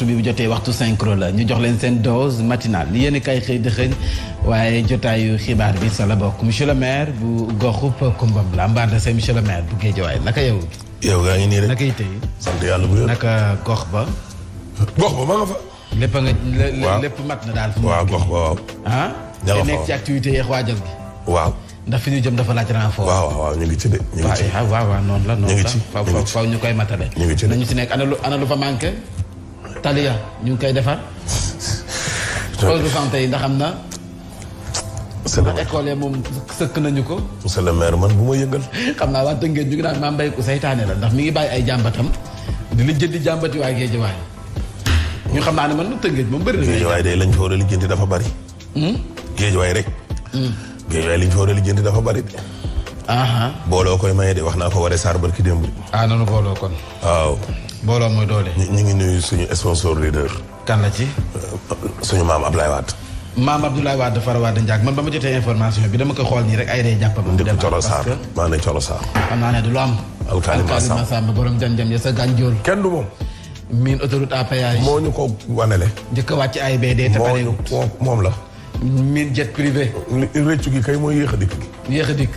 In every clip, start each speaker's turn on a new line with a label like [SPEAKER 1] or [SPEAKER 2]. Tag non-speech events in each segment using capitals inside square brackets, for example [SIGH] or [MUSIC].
[SPEAKER 1] waxtu bi bu jotee la ñu jox leen seen dose matinale li yéen kay xëy di xëy waaye bi sa la bokk monsieur maire bu goxub Kumbam la mbaar na monsieur le maire bu Guédiawaye naka yow. yow gaa ngi nii rek naka yi tey. sant gox ba. gox ba ma nga fa. lépp nga lépp mat na daal. waaw gox ba waaw. ah. te nekk ci activité yeex waajal gi. waaw. ndax fi ñu jëm dafa laaj renfort. waaw waaw ñu ngi ci de. ñu ngi ci waaw waaw noonu la ñu ngi ci ñu ngi ci faaw ñu koy matale. ñu ngi ci nañu ana lu ana lu fa manqué. Taliya ñu ngi koy defar. loolu santé yi ndax am na. monsieur le maire école moom sëkk nañu ko. monsieur le man bu ma yëngal. xam naa waa Tëngéej ñu ngi naan maa mbay ku saytaane la ndax mi ngi bàyyi ay jàmbatam di li jëndi jàmbati waa géej waay. ñu xam naa ne man Tëngéej moom bëri na. géej waay de lañ fa war a dafa bari. Hmm? géej waay rek. Hmm. géej waay liñ fa war a dafa bari de. booloo koy maye de wax naa ko waree Sarr barki démb. ah nanu booloo kon. waaw. mbooloo mooy doole. ñu ngi nuyu suñu sponsor leader. kan la ci. Euh, suñu maam Abdoulaye Wade. maam Abdoulaye Wade Fara Wade Ndiak man ba ma jotee information bi dama ko xool nii rek ay rey jàpp ma. mu dem parce que maa xam naa ne du am. alkaali Massamba borom jam-jam ya sa gànjool. kenn du moom. miin autoroute à péage. moo ñu ko wanele. njëkk a wàcc AIBD. te pareewul moo moom la. miin jet gi kay mooy yéex a dikk. yéex a dikk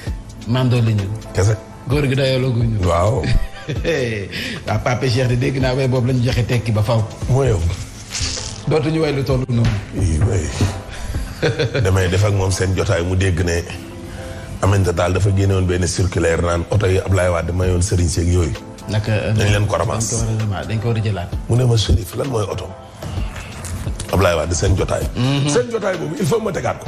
[SPEAKER 1] maam doon ñu. kese. góor gi dayoo loogu ñu. waaw. [LAUGHS] waaw ah, Pape Cheikh de dégg naa way boobu lañu ñu joxe tekki ba faw woyow dootuñu way lu toll noonu damay def ak moom seen jotaay mu dégg ne Aminata Tall dafa génne woon benn circulaire naan oto yi Ablaye Wade mayoon Serigne Seck yooyu naka dañ euh, leen ko ramas dañ ko war a jëlaat mu ne ma Chérif lan mooy oto Ablaye Wade seen jotaay mhm. seen jotaay boobu il faut ma tegaat ko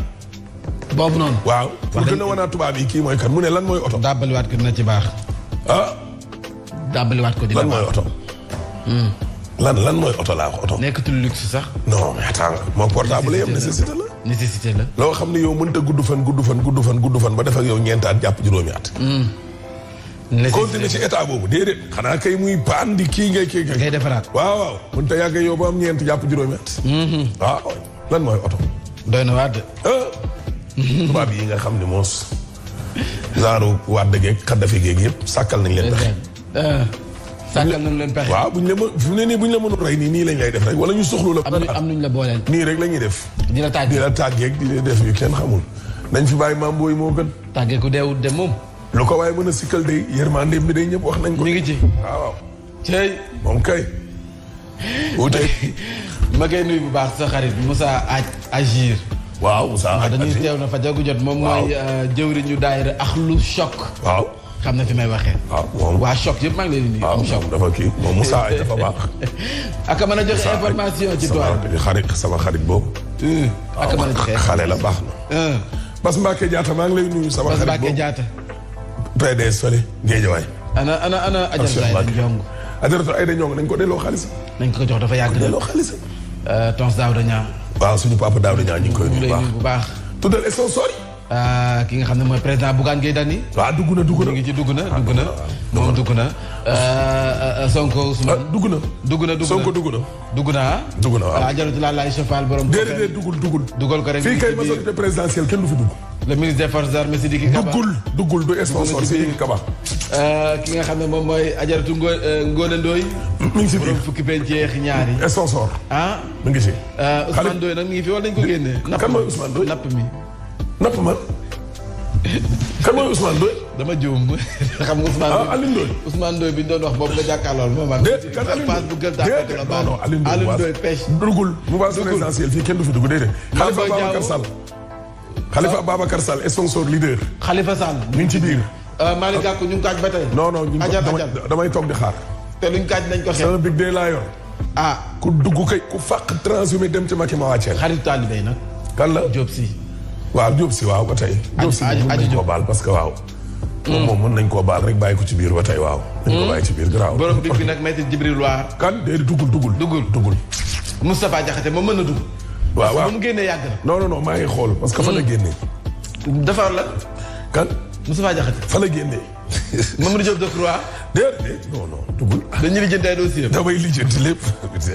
[SPEAKER 1] boobu noonu waaw pour gën a wanaat tubaab yi kii mooy kan mu ne lan mooy oto dàbbaliwaat ko dina ci baax ah. tàmbaliwaat ko di. lan mooy oto. Hmm. lan mooy oto laa wax oto. nekkatul luxe sax. non mais attends moom portable yam nécessité la nécessité la. loo xam ne yow mënut gudd fan gudd fan gudd fan gudd fan ba def ak yow ñeent at jàpp juróomi at. Hmm. continuer ci état boobu déedéet. xanaa kay muy paan di kii ngay kii ngay. ngay defaraat waaw waaw. mënut yàgg yow ba am ñeent jàpp juróomi at. Hmm. Ah, lan mooy oto. doy na waat de. Ah. tubaab yi nga xam ne moos. genre waat dëgg yeeg xaddafi geeg yëpp sàkkal nañ leen pexe. Ah. sàkkal nañ leen pexe waaw bu ñu la mën fu ne nii bu ñu la mënul rey nii nii lañ lay def rek wala ñu soxlu la. am nañ la booleel. nii rek la ñuy def. di la tàggeeg di la tàggeeg di la def yu kenn xamul. nañ fi bàyyi maam booy moo gën. tàggeeku deewut de moom. lu ko waaye mën a sikkal day yërmande bi day ñëpp wax nañ ko. mi ngi ci waaw. cey moom kay. wute. [LAUGHS] ma koy nuyu bu baax sa xarit Moussa Agir. waaw Moussa Agir dañuy teew na fa jagu jot moom mooy euh, jëwriñu daayira Akhlu Choc. waaw. xam na fi may waxee. waaw ah, moom waa choc yëpp maa ngi leen di nuyu. am ah, choc dafa kii moom Moussa ay baax. [LAUGHS] ak a mën a joxe information ci toile sama xarit eh, ah, la baax na. Eh. Bas Mbacke Diatta maa ngi lay nuyu sama xarit boobu Bas Mbacke Diatta. PDS fële Géejawaay. ana ana ana Adjara Ndiaye Ndiong. Adjara Ayda Ndiong nañ ko delloo xaalis. nañ ko jox dafa yàgg de delloo xaalis. Euh, Tons Daouda Niang. waaw suñu papa Daouda Niang ñu ngi koy nuyu bu baax tuddal sori Euh, ki nga xam ne mooy président Bougane Gueye Dany. waaw dugg na dugg na mu ngi ci dugg na dugg na. moom ah, dugg na. Euh, euh, Sonko ah, Ousmane. dugg na dugg na Sonko dugg na. dugg na dugg na ah? waaw jarut laa laay chefal borom. déedéet duggul duggul. dugal ko rek fii kay majorité présidentielle kenn du fi dugg. le ministre des forces armées Sidiki Kaba duggul duggul du sponsor Sidiki Kaba. ki nga xam ne moom mooy ajaratu ngo Ngone Ndoye. mi ngi si biir fukki benn jeex ñaar yi. sponsor. ah mi ngi si. Ousmane Ndoye nag mi ngi fi wala dañ ko génnee. kan mooy Ousmane Ndoye napp mi. napp ma. kan mooy Ousmane Ndoye. dama juum xam nga Ousmane. ah Alioune Ndoye bi ñu doon wax boobu nga jàkkaarlool moom ak. déet kan Alioune Ndoye déet non non Alioune mu baax présidentiel fii kenn du fi dugg déedéet. Khalifa Babacar Sall. Khalifa Babacar Sall sponsor leader. Khalifa Sall mi ngi ci biir. Euh, Malick Gakou ñu ngi kaaj ba tey. non non ñu damay toog di xaar. te luñ kaaj nañ ko xeex. sama big day laa yor. Ah. ku dugg kay ku fàq transhumé dem ci Macky ma wàcceel. xarit taalibe nag. kan la si waaw Diop si waaw ba tey. Diop si mën nañ parce que waaw. Hmm. moom moom mën nañ koo baal rek bàyyi ko ci biir ba tey waaw. nañ ko hmm. bàyyi ci biir garaaw. borom bi bi nag maître Djibril Waar. kan déedéet duggul duggul. duggul duggul. moom mën na dugg. waaw waaw mu génnee yàgg na. non non non maa xool parce que fa la hmm. génnee. defar la. kan. Moustapha Diakhaté fa la génnee. [LAUGHS] Mamadou Diop Decroix. déedéet non non duggul. dañuy lijjanti ay dossier. damay lijjanti lépp.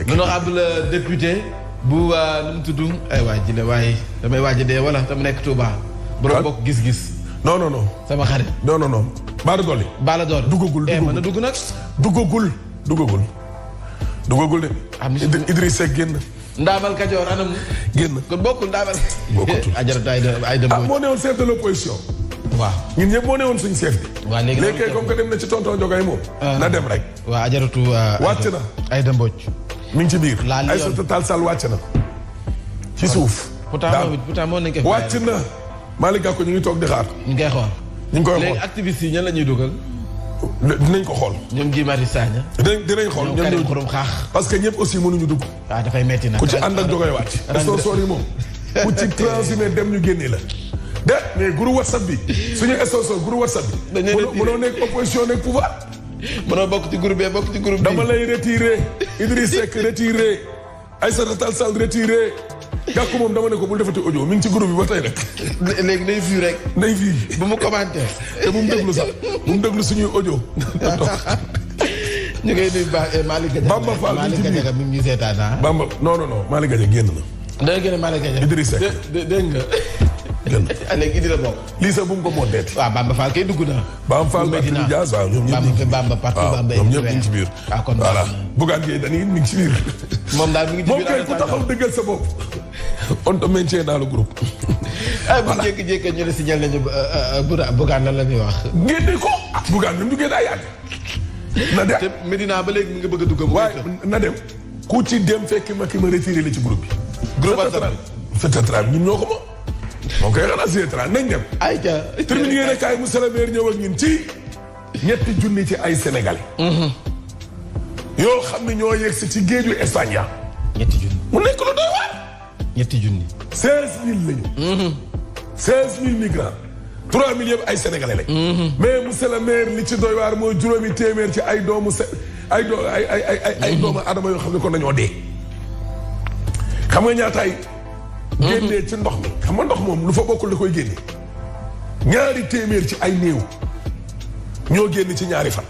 [SPEAKER 1] Abdoulaye député bu uh, nu mu tudd ay waay ji la waaye damay waaj dee wala dama nekk Touba. borom bokk gis-gis. non non sama xarit. non non non. Baara Dolli. Baara Dolli duggagul eh, duggagul mën na dugg nag. duggagul duggagul. duggagul de. am na Idriss Seck génn. Ndaamal Kajoor anam. [LAUGHS] Ah, moo newoon chef de l'opposition. waaw ñun ñëpp moo suñu chef bi. waaw léegi nag comme na ci ah. rek. waaw ajaratu. Ah, wàcc na ay dem mi ngi ci biir. laal yoon Aïssata Tall Sall wàcc na. ci suuf. daal pourtant moo nekk wàcc na. Malick Gakou ñu ngi toog di xaar. ñu ngi koy xool. ñu ngi koy xool léegi activistes yi la ñuy dugal. dinañ ko xool. ñoom Guy Marius Sagna. dinañ dinañ xool ñoom ñoom xurum xaax. parce que ñëpp aussi mënuñu dugg. waaw ah, dafay metti na ku ci ànd ak wàcc. rang de yi moom [LAUGHS] ku ci transhumé dem ñu génnee la. de mais groupe WhatsApp bi suñu sponsor groupe WhatsApp bi. dañoo nekk mënoo nekk opposition nekk pouvoir mënoo bokk ci groupe bee bokk ci groupe dama lay retiré Idriss Seck retiré Aïssata Tall Sall retiré gàkku moom dama ne ko bul defati audio mi ci groupe bi ba tey nag léegi day fii rek day fii bu mu commenté te bu mu déglu sax bu mu déglu suñuy audio [LAUGHS] ñu koy nuyu Ba eh, Malick Gadiaga Bamba Fall Malick Gadiaga mi ñu seetaan ah. Bamba non non non Malick Gadiaga génn na. dégg nga Malick Gadiaga nga. kenn. léegi Idrissa bokk. lii sax bu mu ko moo deet. waaw Bamba Fall kay dugg na. Bamba Fall Barthélémy Dias waaw ñoom ñëpp ñu ngi Bamba partout Bamba ñoom ñëpp ñu ngi ci biir. ah kon voilà Bougane Gueye Dany mi ngi ci biir. [LAUGHS] moom daal mi ngi ci biir moom kay ku taxaw dëggal sa bopp. [LAUGHS] on te maintient dans le groupe. [LAUGHS] Ah, voilà bu jékki-jékki ñu ne signal nañu euh, euh, euh, Bougane lan la ñuy wax. génne ko ah Bougane même du génne ay yàgg. na dem te Medina ba léegi mi ngi bëgg a dugg. waaye na dem ku ci dem fekk ma ki ma retiré la ci groupe bi. groupe WhatsApp bi ñun ñoo ko moom moom koy xanaa siy état nañ dem. ayca termine yéen a kaay monsieur le maire ñëw ak ñun ci ñetti junni ci ay sénégalais. Mm-hmm. yoo xam ne ñoo yegg si ci géeju Espagne ya ñetti junni mu nekk lu doy waar. ñetti junni. seize lañu. Mm-hmm. seize ay sénégalais lañ. Mm-hmm. mais monsieur li ci doy waar mooy juróomi téeméer ci ay doomu se ay doo ay doomu adama yoo xam ne kon dañoo dee. xam nga ñaataay. génnee ci ndox mi xam nga ndox moom lu fa bokkul da koy génne ñaari téeméer ci ay néew ñoo génn ci ñaari fan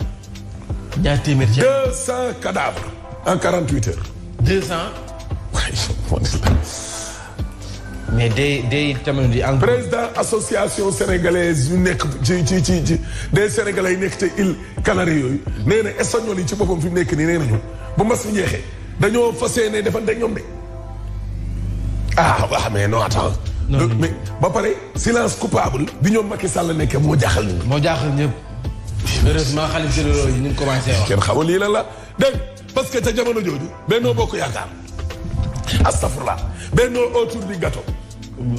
[SPEAKER 1] ñaari téeméer ci deux cent cadavres en quarante huit heures deux cent mais day day tamit di en président association sénégalaise yu nekk ci ci ci ci des sénégalais yu nekk te îles Canaries yooyu nee na espagnol yi ci boppam fi mu nekk nii nee nañu bu mas mi jeexee dañoo fas yéene defante ak ñoom de ah waaw mais non attends. Euh, non mais ba pare silence coupable. bi ñoom makki Sall nekkee moo jaaxal ñu. moo jaaxal ñëpp. heureusement xaalis si loolu ñu commencé wax. kenn xamul lii lan la dégg parce que ca jamono jooju. Benno Bokk Yaakaar. astafurlah Benno autour du gâteau.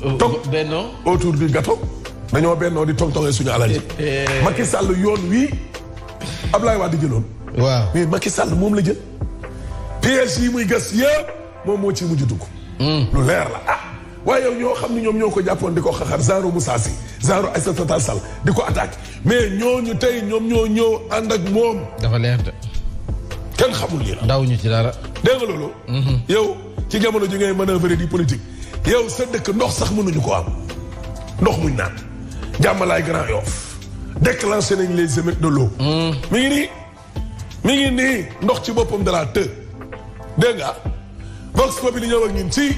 [SPEAKER 1] Euh, toog Benno autour du gâteau. dañoo Benno di tong-tongee suñu alal ji. Eh, eh. Macky Sall yoon wii Ablaye Wade jëloon. waaw mais Macky Sall moom la jël. piège yi muy gas yëpp moom moo ciy mujj dugg. lu leer la ah waaye yow ñoo xam ne ñoom ñoo ko jàppoon di ko xaxar genre Moussa Sy genre Aïssata Tall Sall di ko attaque mais ñooñu tey ñoom ñoo ñëw ànd ak moom dafa leer de kenn xamul lii ndaw daw ñu ci dara dégg nga loolu mhm. yow ci jamono ji ngay manœuvrer di politique yow sa dëkk ndox sax mënuñu ko am ndox muñ naan jàmmalaay Grand Yoff déclenché nañ les émeutes de loo mhm. mi ngi nii mi ngi nii ndox ci boppam dalaa të dégg Vox Populi ñëw ak ñun ci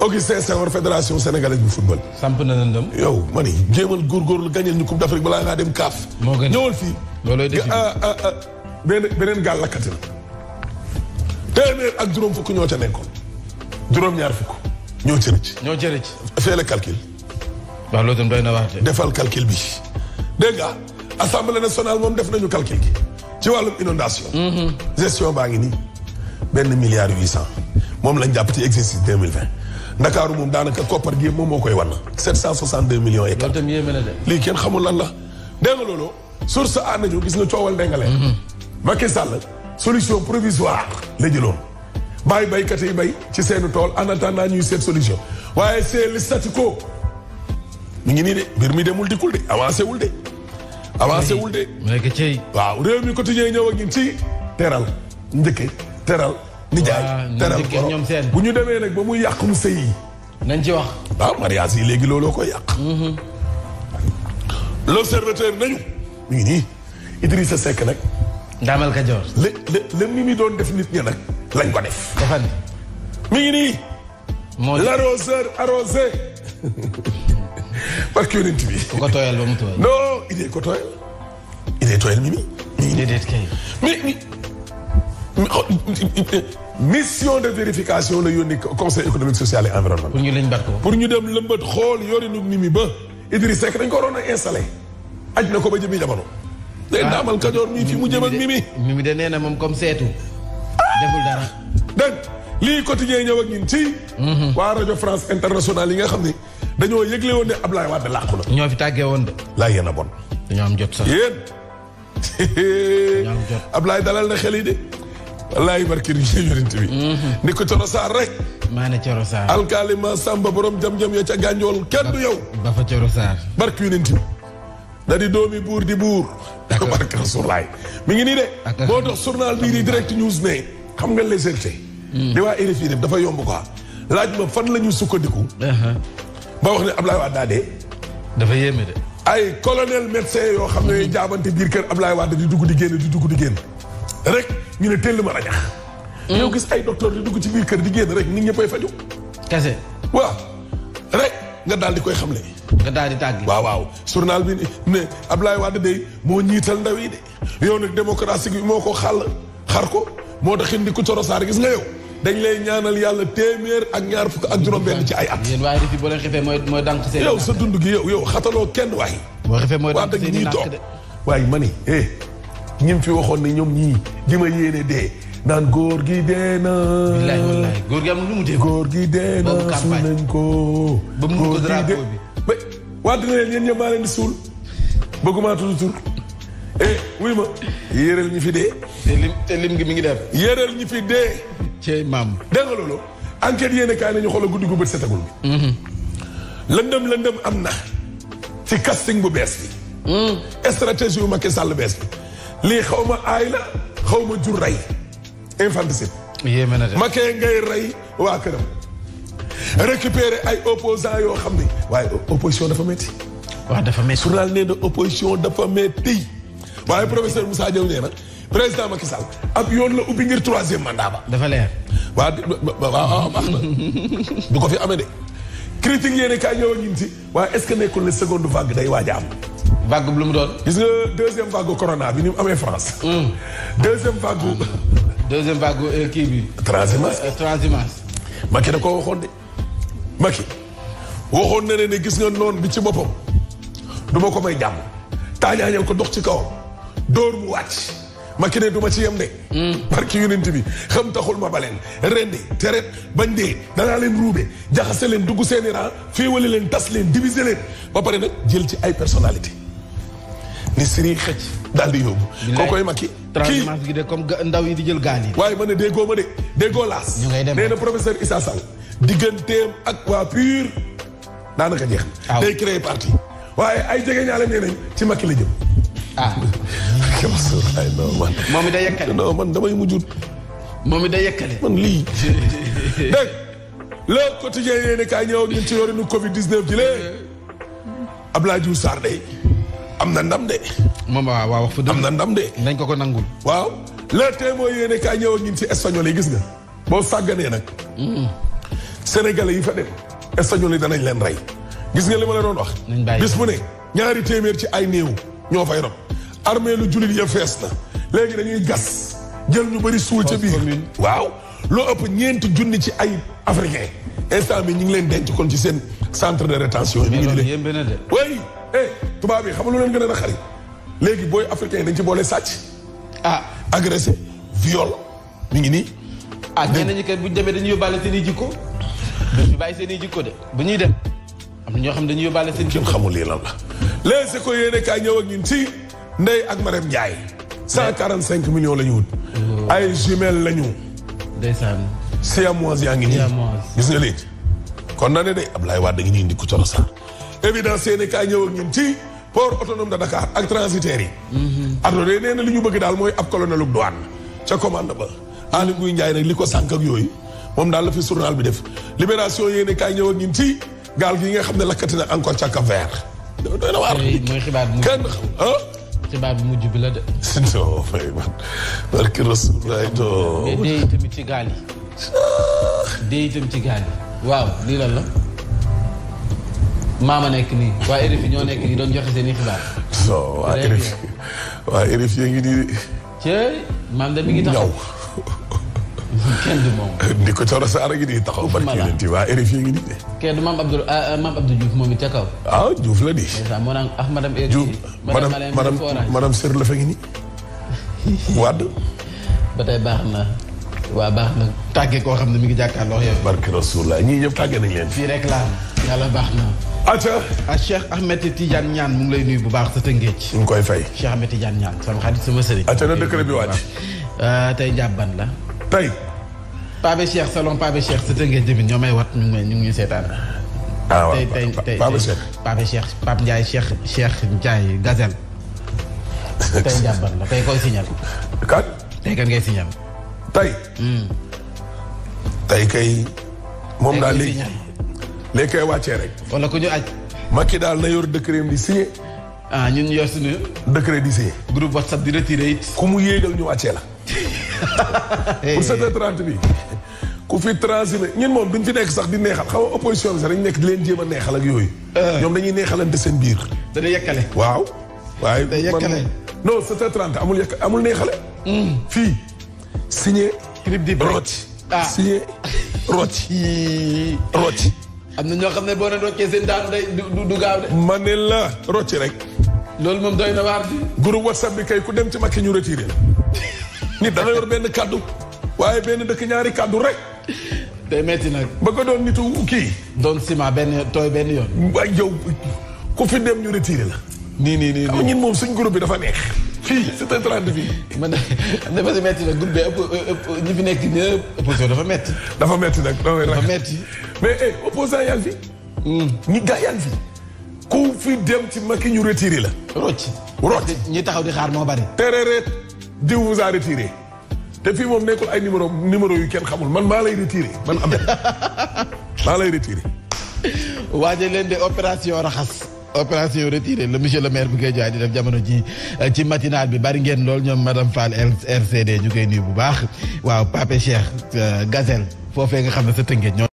[SPEAKER 1] Augustin Senghor fédération sénégalaise bu football. samp na leen dem. yow ma ni jéemal góorgóorlu gañeel ñu coupe d'Afrique balaa ngaa dem kaaf. moo gën ñëwal fii. loolooy dëkk ah, ah, ah. beneen beneen gaal lakkati na. ak juróom fukk ñoo ca nekkoon juróom ñaar fukk ñoo ca rëcc. ñoo ca rëcc. fais le calcul. na wax de. defal calcul bi dégg nga assemblée nationale moom def nañu calcul gi ci wàllum inondation mhm. gestion baa ngi ni benn milliard huit cent moom lañ jàpp ci exercice deux mille vingt ndakaaru moom daanaka koppar gi moom moo koy wan. sept cent soixante deux millions et quatre. lii kenn xamul lan la. dégg nga loolu source a nañu gis nga coowal dengale. Mhm. Macky Sall solution provisoire la jëloon. bàyyi baykat yi bay ci seenu tool en attendant ñuy seet solution waaye c'est le statu mu ngi nii de mbir mi demul dikkul de avancé wul de. avancé wul de. waaw réew mi quotidien ñëw ak ñun ci teral njëkke teral nijaay ah, teral goro bu ñu demee nag ba muy yàqum sëy yi nañ ci wax waaw mariage yi léegi looloo koy yàq mm-hmm. l'observateur nañu mu ngi nii Idrissa Seck nag ndaamal Kajoor le le le mi mi doon def nit ña nag lañ ko def dafa ne mi ngi nii [LAUGHS] bi ku ko tooyal ba mu ko tooyal idée tooyal mi mi mission de vérification la yónni conseil économique social et environnemental. pour ñu ko. pour ñu dem lëmbat xool yorinu Mimi ba Idrissa Seck dañ ko waroon a installé. aj na ko ba jëmi jamono. waaw ah. day daamal Kajoor mi fi mu jëm ak Mimi. Mimi de nee na moom comme seetu. deful dara. dégg lii quotidien ñëw ak ñun ci. Mhm. waa rajo France internationale yi nga xam ni dañoo yëgle woon ne Ablaye Wade làqu na. ñoo fi tàggee woon de. laa yéen a bon. dañoo am jot sax yéen. dañoo am dalal na xel yi de. wallaahi barki yonent bi mhm. ni ko coro saar rek maa ne coro saar alkaali samba borom jam-jam ya ca gànjool kenn du yow ba fa coro saar barki yonent bi da di doomi buur di buur ko [LAUGHS] barki rasulaay mi ngi nii de moo tax journal bii di direct news ne xam nga légèreté hmm. di waa RFI def dafa yomb quoi laaj ma fan la ñu sukkandiku uh-huh. ba wax ne Ablaye Wade daa dee dafa yéeme de ay colonel médecin yoo xam ne jaabante biir kër Ablaye Wade di dugg di génn di dugg di génn rek ñu ne teel ma rajax ñoo hmm? gis ay docteur di dugg ci biir kër di génn rek nit ñëppay faju kese waaw rek nga daal di koy xamle nga daal di tàgg waaw waaw journal bi ne Abdoulaye Wade day moo ñiital ndaw yi de yow nag démocratie bi moo ko xàll xar ko moo tax di ku coro saar gis nga yow dañ lay ñaanal yàlla téeméer ak ñaar fukk ak juróom-benn ci ay at. yéen waaye mooy mooy dànk seen yow sa dund gi yow yow xataloo kenn waaye. moo xefee mooy dànk seen i de waaye ma ni eh. ñim fi waxoon ne ñoom ñii di ma yéene dee naan góor gi dee na. wallaahi wallaahi góor gi amul lu mu dee. góor gi dee na suul nañ ko. ba mu ko drapeau bi mais waa dina leen yéen ñëpp maa leen di suul bëgguma tudd tur. eh wuy ma yéeral ñi fi dee. te lim te lim gi mi ngi def. yéeral ñi fi dee. cee maam. dégg nga loolu enquête yéen kaay nañu xoolal guddi gu bët setagul bi. Mm-hmm. lëndëm lëndëm am na. ci casting bu bees bi. Mm. stratégie yu Macky Sall bees bi. lii xaw ma aay la xaw ma jur rey infanticide. yéeme na de ma kee ngay rey waa këram. récupérer ay opposants yoo xam ne waaye opposition dafa métti. waaw dafa métti journal nee na opposition dafa métti. waaye professeur Moussa Diaw nee na président Macky Sall ab yoon la ubbi ngir troisième mandat ba. dafa leer. waa waaw baax na [LAUGHS] du ko fi amee de. critique yéen a kaay ñëw ñun ci waaye est-ce que nekkul ne seconde vague day waaj a am. vague bu lu mu doon. gis nga deuxième vague corona bi ni mu amee France. Hmm. deuxième vague. deuxième vague euh, kii bi. transhumance euh, transhumance. Macky da ko waxoon de Macky waxoon ne ne ne gis nga noon bi ci boppam du ma ko may jàmm taajaañal ko dox ci kawam dóor mu wàcc Macky ne ma ci yem de. Hmm. barki yonent bi xam taxul ma leen rendi teret bañ dee danaa leen ruube jaxase leen dugg seen i rang féewale leen tas leen diviser leen ba pare nag jël ci ay personnalité ni siri xëcc daal di yóbbu. kookoy Macky kii gi de comme ndaw yi di jël gaal yi. waaye ma ne déggoo ma de déggoo laas. ñu professeur Issa digganteem ak waa PUR a jeex na. day créé parti waaye ay jege ñaale nee nañ ci Macky la jëm. Ah. [LAUGHS] moom it day yekkale non man damay mujjut. moom it day yekkale. man lii [LAUGHS] dégg le quotidien yéen a ñëw ñun ci yorinu Covid 19 ji lee Abdoulaye Diouf Sarr day. am na ndam de. moom waaw waaw wax fa ndam de. nañ ko ko nangul. waaw la témoin mooy yéene kaa ñëw ak ñun ci espagnol yi gis nga boo sàgganee nag. Mm. sénégalais yi fa dem espagnol yi danañ leen rey gis nga li ma la doon wax. bis bu ne ñaari téeméer ci ay néew ñoo fay rob armée lu jullit ya fees na léegi dañuy gas jël ñu bëri suul ca biir waaw loo ëpp ñeenti junni ci ay africain instant bi ñu ngi leen denc kon ci seen centre de rétention yi. ñu ngi leen Eh, tubaab yi xam lu leen gën a na xari léegi booy africain dañ ci boole sàcc ah agressé viol mi ngi nii ah ñenn nañu kat bu ñu demee dañuy yóbbaale seen i jikko dañuy bàyyi seen jikko de bu ñuy dem am na ñoo xam ne dañuy yóbbaale seen jikko xamul lii lan la léegi ko yéene kaay ñëw ak ñun ci Ndeye ak Marème Ndiaye cent quarante cinq millions la ñu wut oh. ay jumelle la ñu ndeysaan siamoise yaa ngi nii gis nga léegi kon na ne de Ablaye Wade da ngi nii indi ku coro saar évidence seeni kaay ñëw ak ñun ci port autonome de Dakar ak transitaires yi. Mhm. Adrien nee na li ñu bëgg daal mooy ab colonelu douane ca commande ba. Aly Ngouille Ndiaye nag li ko sànq ak yooyu moom daal la fi journal bi def libération yéene kaay ñëw ak ñun ci gaal gi nga xam ne lakkati na encore ca Cap Vert. doy na waar mooy xibaar bu mujj kenn ah. xibaar bu mujj bi de. non [LAUGHS] fay man barki Rasulullah ci gaal yi. Ah. dee itam ci gaal yi. waaw lii lan la. maama nekk nii waa RFI ñoo nekk nii doon joxe seen i xibaar. non waa RFI waa RFI ngi nii. cee maam de mi ngi taxaw kenn ko Coro Saara gi di taxaw. barke leen kenn du maam Abdou ah, ah, maam moom it ca kaw. ah Diouf la di. c'est ça moo naan ah madame. Diouf la fa ngi nii. [LAUGHS] Wade. ba tey baax na. waa baax na tàggee koo xam ne mu ngi jàkkaarloo yow. barke Rasulullah ñii ñëpp tàggee nañ leen. fii rek la yàlla baax na. aca ah Cheikh Ahmed Tidiane ñaan mu ngi lay nuyu bu baax sa tëngeej. mu ngi koy fay. Cheikh Ahmed Tidiane Niane sama xarit sama sëriñ. aca na décret bi wàcc. Ah, tey jàbban la. tey. Pape Cheikh salon Pape Cheikh sa tëngeej tamit ñoo may wat ñu ngi may ñu ngi ñuy seetaan. ah waaw Pape Cheikh Pape Cheikh Pape Ndiaye Cheikh Cheikh [LAUGHS] tey jàbban la tey koy signal. kan. tey kan ngay signal. tey. Hmm. tey kay. moom daal léegi léegi koy wàccee rek. wala ku ñu aj. Macky daal na yor décret di signé. ah ñun ñu yor suñu. décret di signé. groupe whatsapp di retiré it. ku mu yéegal ñu wàccee la. [LAUGHS] pour 7h30 bi ku fi transimé ñun moom duñ fi nekk sax di neexal xam nga opposition bi sax dañ nekk di leen jéem a neexal ak yooyu. Euh. ñoom dañuy neexalante seen biir. dana yekkale. waaw. waaye day yekkale non 7h30 amul yekk amul neexale. Hmm. fii signé. crib di rooti. ah signé [LAUGHS] rooti. rooti. am na ñoo xam ne boo leen roccee seen daanu day du du gaaw de. ma ne la rocci rek. loolu moom doy na waar di. groupe whatsapp bi kay ku dem ci makki ñu retiré nit dana yor benn kaddu waaye benn dëkk ñaari kaddu rek. day metti nag. ba ko doon nitu kii. doon ciment benn tooy benn yoon. waaye yow ku fi dem ñu retiré la. nii nii nii nii ñun moom suñ groupe bi dafa neex. fii c'est un train de vie. metti nag groupe bi ñi fi nekk ñëpp opposition dafa metti dafa metti nag dafa metti mais eh opposant yaa ngi fi. Hmm. ñi gaa yaa ngi fi. ku fi dem ci Macky ñu retiré la. rocc rocc ñi taxaw di xaar moo bari. terereet diw vous a retiré. te fii moom nekkul ay numéro numéro yu kenn xamul man maa lay retiré man am [LAUGHS] maa lay retiré. waaje leen de opération raxas. opération retiré le monsieur le maire bu Guédiawaye di def jamono ji euh, ci matinal bi bari ngeen lool ñoom madame Fall RCD ñu koy nuyu bu baax waaw Pape Cheikh euh, Gazelle foofee nga xam ne sa tëngeej ñoo